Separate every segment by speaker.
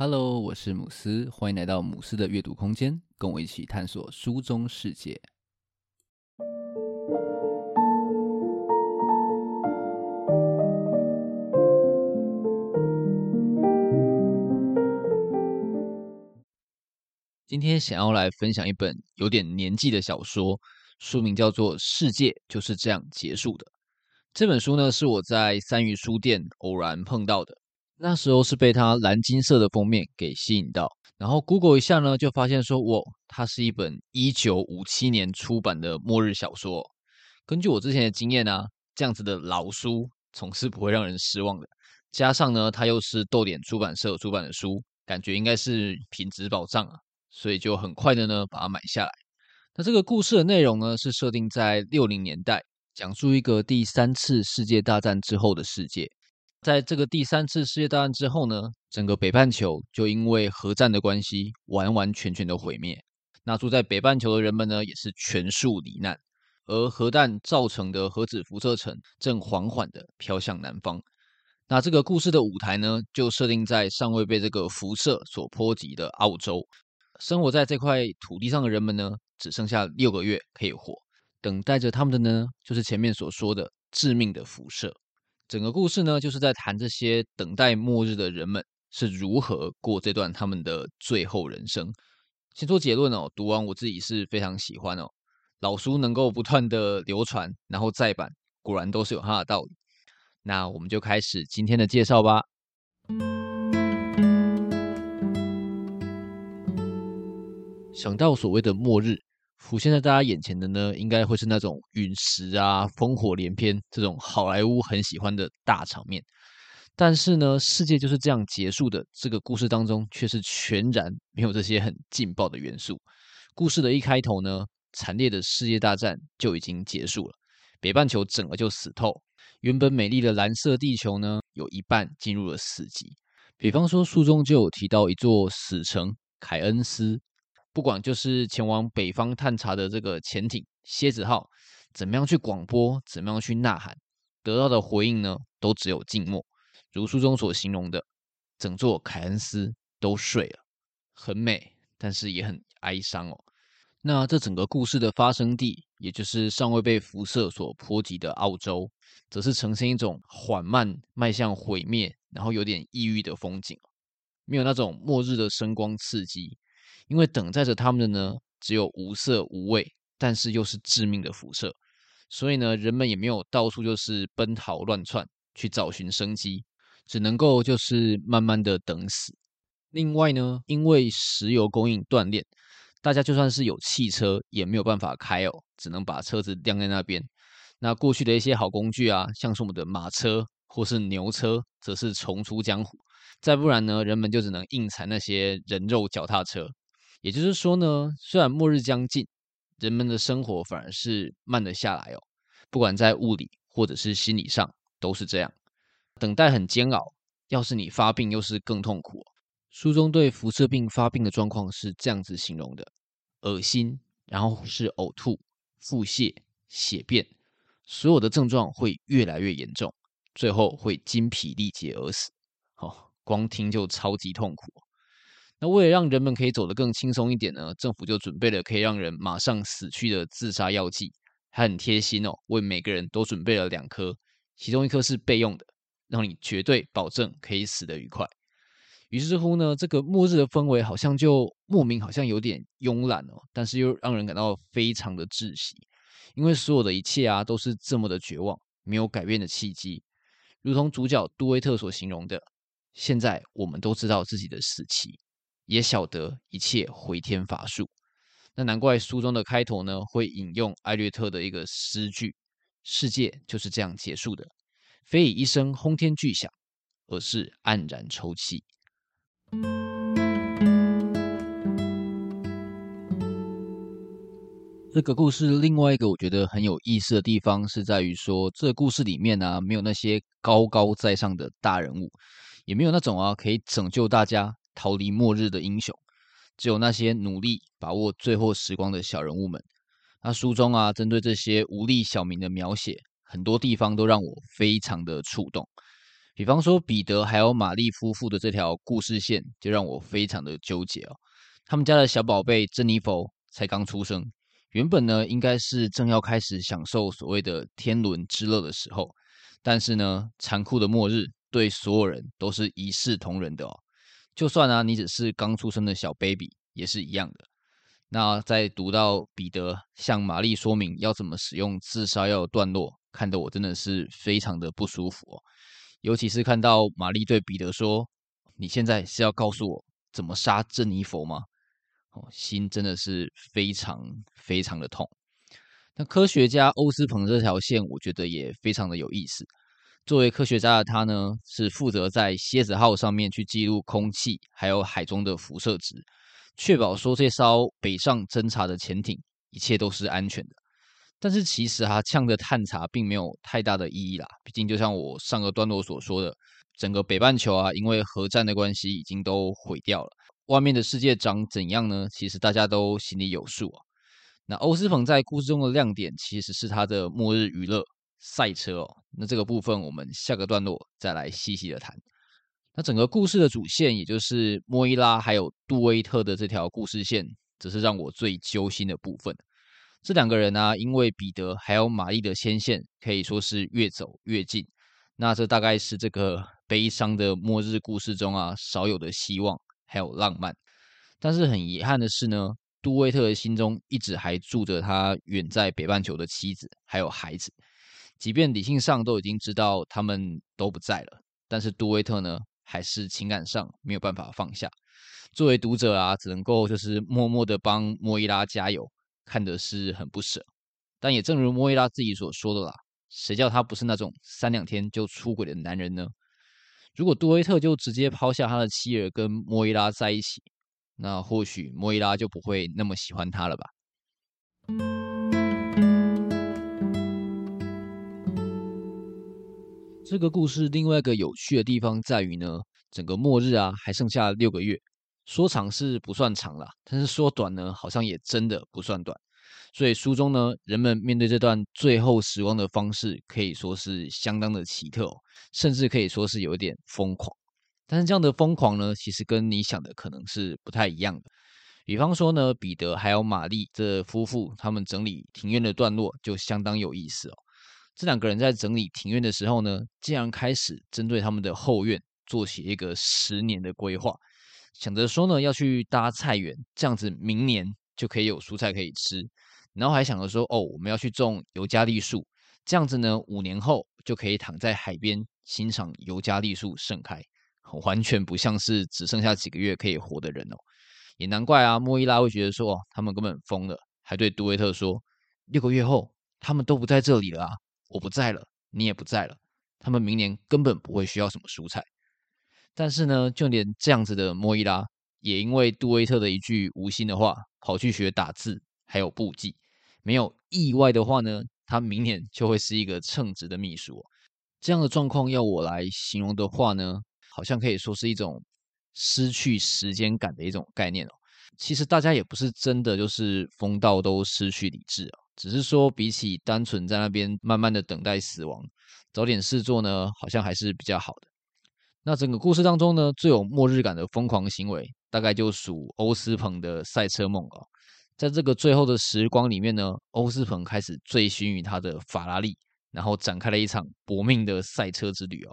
Speaker 1: Hello，我是姆斯，歡迎來到姆斯的閱讀空間，跟我一起探索書中世界。今天想要來分享一本有點年紀的小說，書名叫做《世界就是這樣結束的》。這本書呢，是我在三餘書店偶然碰到的。那時候是被它藍金色的封面給吸引到，然後 Google 一下呢，就發現說，哇，它是一本一九五七年出版的末日小說哦。根據我之前的經驗啊，這樣子的老書總是不會讓人失望的。加上呢，它又是逗點出版社出版的書，感覺應該是品質保障啊，所以就很快的呢把它買下來。那這個故事的內容呢，是設定在六零年代，講述一個第三次世界大戰之後的世界。在這個第三次世界大戰之後呢，整個北半球就因為核戰的關係，完完全全的毀滅。那住在北半球的人們呢，也是全數罹難。而核彈造成的核子輻射層正緩緩的飄向南方。那這個故事的舞台呢，就設定在尚未被這個輻射所波及的澳洲。生活在這塊土地上的人們呢，只剩下六個月可以活。等待着他們的呢，就是前面所說的致命的輻射。整個故事呢，就是在談這些等待末日的人們是如何過這段他們的最後人生。先做結論哦，讀完我自己是非常喜歡哦，老書能夠不斷地流傳，然後再版，果然都是有它的道理。那我們就開始今天的介紹吧。想到所謂的末日。浮現在大家眼前的呢，應該會是那種隕石啊、烽火連篇這種好萊塢很喜歡的大場面。但是呢，世界就是這樣結束的這個故事當中，卻是全然沒有這些很勁爆的元素。故事的一開頭呢，慘烈的世界大戰就已經結束了，北半球整個就死透，原本美麗的藍色地球呢，有一半進入了死寂。比方說，書中就有提到一座死城——凱恩斯。不管就是前往北方探查的這個潛艇“蠍子號”，怎麼樣去廣播，怎麼樣去吶喊，得到的回應呢，都只有靜默。如書中所形容的，整座凱恩斯都睡了，很美，但是也很哀傷哦。那這整個故事的發生地，也就是尚未被輻射所波及的澳洲，則是呈現一種緩慢邁向毀滅，然後有點抑鬱的風景，沒有那種末日的聲光刺激。因為等待着他們的呢，只有無色無味，但是又是致命的輻射，所以呢，人們也沒有到處就是奔逃亂竄去找尋生機，只能夠就是慢慢的等死。另外呢，因為石油供應斷裂，大家就算是有汽車也沒有辦法開哦，只能把車子晾在那邊。那過去的一些好工具啊，像是我們的馬車或是牛車，則是重出江湖。再不然呢，人們就只能硬踩那些人肉腳踏車。也就是說呢，雖然末日將近，人們的生活反而是慢了下來哦。不管在物理或者是心理上，都是這樣。等待很煎熬，要是你發病，又是更痛苦。書中對輻射病發病的狀況是這樣子形容的：惡心，然後是嘔吐、腹瀉、血便，所有的症狀會越來越嚴重，最後會精疲力竭而死。好、哦，光聽就超級痛苦。那為了讓人們可以走得更輕鬆一點呢，政府就準備了可以讓人馬上死去的自殺藥劑，還很貼心哦，為每個人都準備了兩顆，其中一顆是備用的，讓你絕對保證可以死得愉快。於是乎呢，這個末日的氛圍好像就莫名好像有點慵懶哦，但是又讓人感到非常的窒息，因為所有的一切啊都是這麼的絕望，沒有改變的契機。如同主角杜威特所形容的，現在我們都知道自己的死期，也曉得一切回天乏術，那難怪書中的開頭呢會引用艾略特的一個詩句：“世界就是這樣結束的，非以一聲轟天巨響，而是黯然抽泣。”這個故事另外一個我覺得很有意思的地方是在於說，這個故事裡面呢，啊，沒有那些高高在上的大人物，也沒有那種啊可以拯救大家。逃離末日的英雄，只有那些努力把握最後時光的小人物們。那書中啊，針對這些無力小民的描寫，很多地方都讓我非常的觸動。比方說，彼得還有瑪麗夫婦的這條故事線，就讓我非常的糾結哦。他們家的小寶貝珍妮佛才剛出生，原本呢，應該是正要開始享受所謂的天倫之樂的時候，但是呢，殘酷的末日對所有人都是一視同仁的哦。就算啊，你只是剛出生的小 baby 也是一樣的。那在讀到彼得向瑪麗說明要怎麼使用自殺藥的段落，看得我真的是非常的不舒服哦。尤其是看到瑪麗對彼得說：“你現在是要告訴我怎麼殺珍妮佛嗎？”哦，心真的是非常非常的痛。那科學家歐斯朋這條線，我覺得也非常的有意思。作為科學家的他呢，是負責在蠍子號上面去記錄空氣還有海中的輻射值，確保說這艘北上偵察的潛艇一切都是安全的。但是其實哈、啊，這樣的探查並沒有太大的意義啦。畢竟就像我上個段落所說的，整個北半球啊，因為核戰的關係已經都毀掉了。外面的世界長怎樣呢？其實大家都心裡有數啊。那歐斯朋在故事中的亮點其實是他的末日娛樂。賽車哦，那這個部分我們下個段落再來細細的談。那整個故事的主線，也就是莫伊拉還有杜威特的這條故事線，則是讓我最揪心的部分。這兩個人呢、啊，因為彼得還有瑪麗的牽線，可以說是越走越近。那這大概是這個悲傷的末日故事中啊，少有的希望還有浪漫。但是很遺憾的是呢，杜威特的心中一直還住着他遠在北半球的妻子還有孩子。即便理性上都已經知道他們都不在了，但是杜威特呢，還是情感上沒有辦法放下。作為讀者啊，只能夠就是默默的幫莫伊拉加油，看的是很不捨。但也正如莫伊拉自己所說的啦，誰叫他不是那種三兩天就出軌的男人呢？如果杜威特就直接拋下他的妻兒跟莫伊拉在一起，那或許莫伊拉就不會那麼喜歡他了吧。這個故事另外一個有趣的地方在於呢，整個末日啊，還剩下六個月，說長是不算長啦，但是說短呢，好像也真的不算短。所以書中呢，人們面對這段最後時光的方式可以說是相當的奇特哦，甚至可以說是有點瘋狂。但是這樣的瘋狂呢，其實跟你想的可能是不太一樣的。比方說呢，彼得還有瑪麗這夫婦他們整理庭院的段落就相當有意思哦。這兩個人在整理庭院的時候呢，竟然開始針對他們的後院做起一個十年的規劃，想着說呢要去搭菜園，這樣子明年就可以有蔬菜可以吃。然後還想着說，哦，我們要去種尤加利樹，這樣子呢五年後就可以躺在海邊欣賞尤加利樹盛開，完全不像是只剩下幾個月可以活的人哦。也難怪啊，莫伊拉會覺得說，哦，他們根本瘋了，還對杜威特說，六個月後他們都不在這裡了啊。我不在了，你也不在了，他們明年根本不會需要什麼蔬菜。但是呢，就連這樣子的莫伊拉，也因為杜威特的一句無心的話，跑去學打字，還有簿記。沒有意外的話呢，他明年就會是一個稱職的秘書。這樣的狀況要我來形容的話呢，好像可以說是一種失去時間感的一種概念哦。其實大家也不是真的就是瘋到都失去理智啊。只是說，比起單純在那邊慢慢的等待死亡，找點事做呢，好像還是比較好的。那整個故事當中呢，最有末日感的瘋狂行為，大概就屬歐斯鵬的賽車夢啊、哦。在這個最後的時光裡面呢，歐斯鵬開始醉心於他的法拉利，然後展開了一場搏命的賽車之旅哦。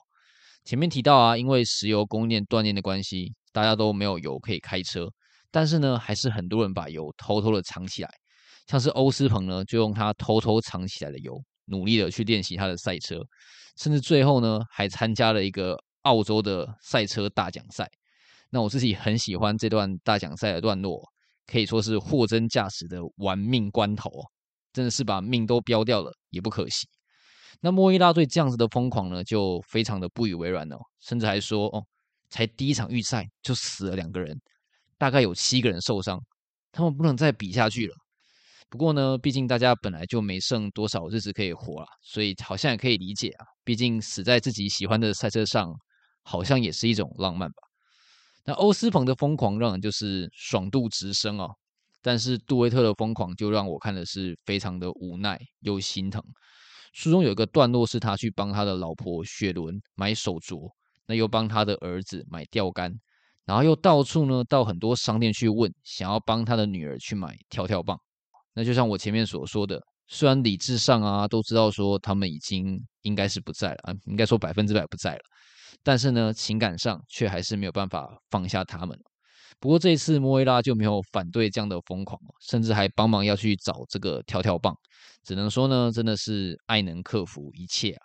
Speaker 1: 前面提到啊，因為石油供應鏈斷裂的關係，大家都沒有油可以開車，但是呢，還是很多人把油偷偷的藏起來。像是歐斯朋呢，就用他偷偷藏起來的油，努力的去練習他的賽車，甚至最後呢，還參加了一個澳洲的賽車大獎賽。那我自己很喜歡這段大獎賽的段落，可以說是貨真價實的玩命關頭，真的是把命都飆掉了，也不可惜。那莫伊拉對這樣子的瘋狂呢，就非常的不以為然哦，甚至還說哦，才第一場預賽就死了兩個人，大概有七個人受傷，他們不能再比下去了。不過呢，畢竟大家本來就沒剩多少日子可以活了，啊，所以好像也可以理解啊。畢竟死在自己喜歡的賽車上，好像也是一種浪漫吧。那歐思鵬的瘋狂讓人就是爽度直升哦，但是杜維特的瘋狂就讓我看的是非常的無奈又心疼。書中有一個段落是他去幫他的老婆雪倫買手鐲，那又幫他的兒子買釣竿，然後又到處呢到很多商店去問，想要幫他的女兒去買跳跳棒。那就像我前面所說的，雖然理智上啊都知道說他們已經應該是不在了啊，應該說百分之百不在了，但是呢，情感上卻還是沒有辦法放下他們。不過這一次莫伊拉就沒有反對這樣的瘋狂，甚至還幫忙要去找這個跳跳棒。只能說呢，真的是愛能克服一切啊。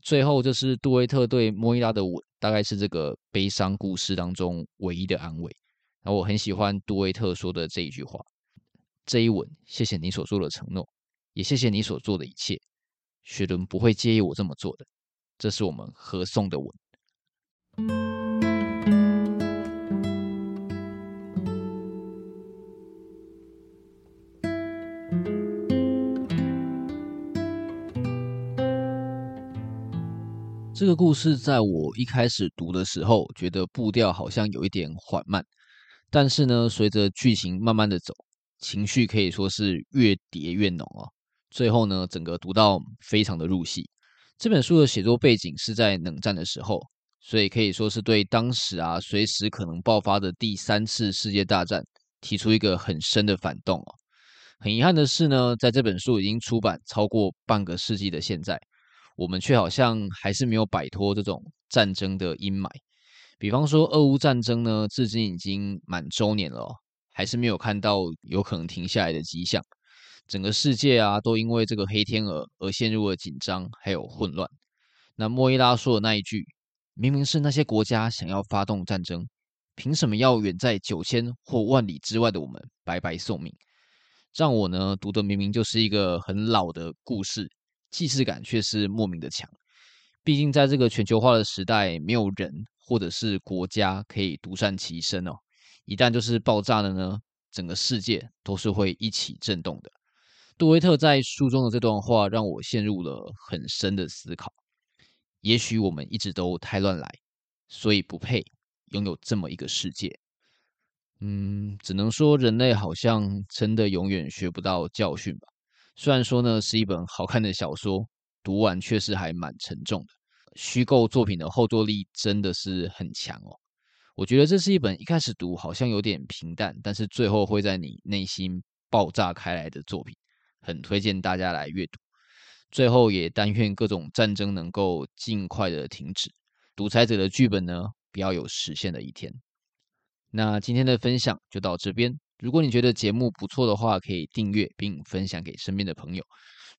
Speaker 1: 最後就是杜威特對莫伊拉的吻，大概是這個悲傷故事當中唯一的安慰。然後我很喜歡杜威特說的這一句話。這一吻，謝謝你所做的承諾，也謝謝你所做的一切。雪倫不會介意我這麼做的，這是我們合頌的吻。這個故事在我一開始讀的時候，覺得步調好像有一點緩慢，但是呢，隨着劇情慢慢的走。情緒可以說是越疊越濃哦。最後呢，整個讀到非常的入戲。這本書的寫作背景是在冷戰的時候，所以可以說是對當時啊，隨時可能爆發的第三次世界大戰提出一個很深的反動哦。很遺憾的是呢，在這本書已經出版超過半個世紀的現在，我們卻好像還是沒有擺脫這種戰爭的陰霾。比方說，俄烏戰爭呢，至今已經滿周年了哦。還是沒有看到有可能停下來的跡象，整個世界啊，都因為這個黑天鵝而陷入了緊張還有混亂。那莫伊拉說的那一句，明明是那些國家想要發動戰爭，憑什麼要遠在九千或萬里之外的我們白白送命？讓我呢讀的明明就是一個很老的故事，既視感卻是莫名的強。畢竟在這個全球化的時代，沒有人或者是國家可以獨善其身哦。一旦就是爆炸了呢，整個世界都是會一起震動的。杜威特在書中的這段話讓我陷入了很深的思考。也許我們一直都太亂來，所以不配擁有這麼一個世界。嗯，只能說人類好像真的永遠學不到教訓吧。雖然說呢，是一本好看的小說，讀完確實還蠻沉重的。虛構作品的後坐力真的是很強哦。我覺得這是一本一開始讀好像有點平淡，但是最後會在你內心爆炸開來的作品，很推薦大家來閱讀。最後也但願各種戰爭能夠盡快的停止，獨裁者的劇本呢，不要有實現的一天。那今天的分享就到這邊，如果你覺得節目不錯的話，可以訂閱並分享給身邊的朋友。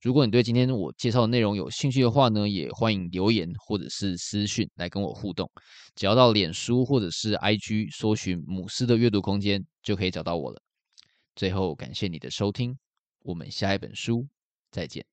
Speaker 1: 如果你對今天我介紹的內容有興趣的話呢，也歡迎留言或者是私訊來跟我互動。只要到臉書或者是 IG 搜尋“姆斯的閱讀空間”，就可以找到我了。最後感謝你的收聽，我們下一本書再見。